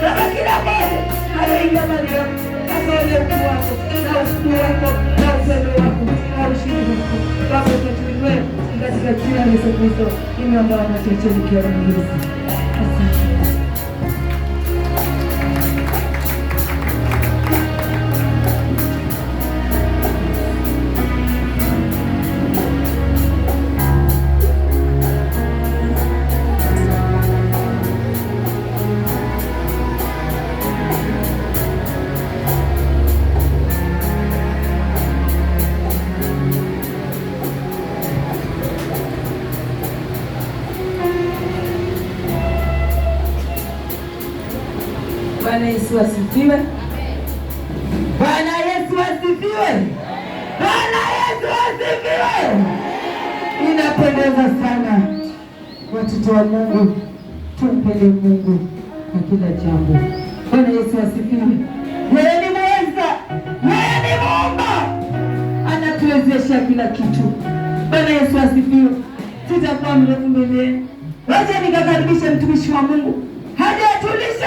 Kama kila katika jina la Yesu Kristo, ili ambao anachochea nikiwa Asante. Bwana Yesu asifiwe! Bwana Yesu asifiwe! Bwana Yesu asifiwe! Inapendeza sana watoto wa Mungu, tumpende Mungu kwa kila jambo. Bwana Yesu asifiwe! Yeye ni mweza, yeye ni Mungu, anatuwezesha kila kitu. Bwana Yesu asifiwe! Sitakuwa mrefu mbele, wacha nikakaribisha mtumishi wa Mungu hajatulisha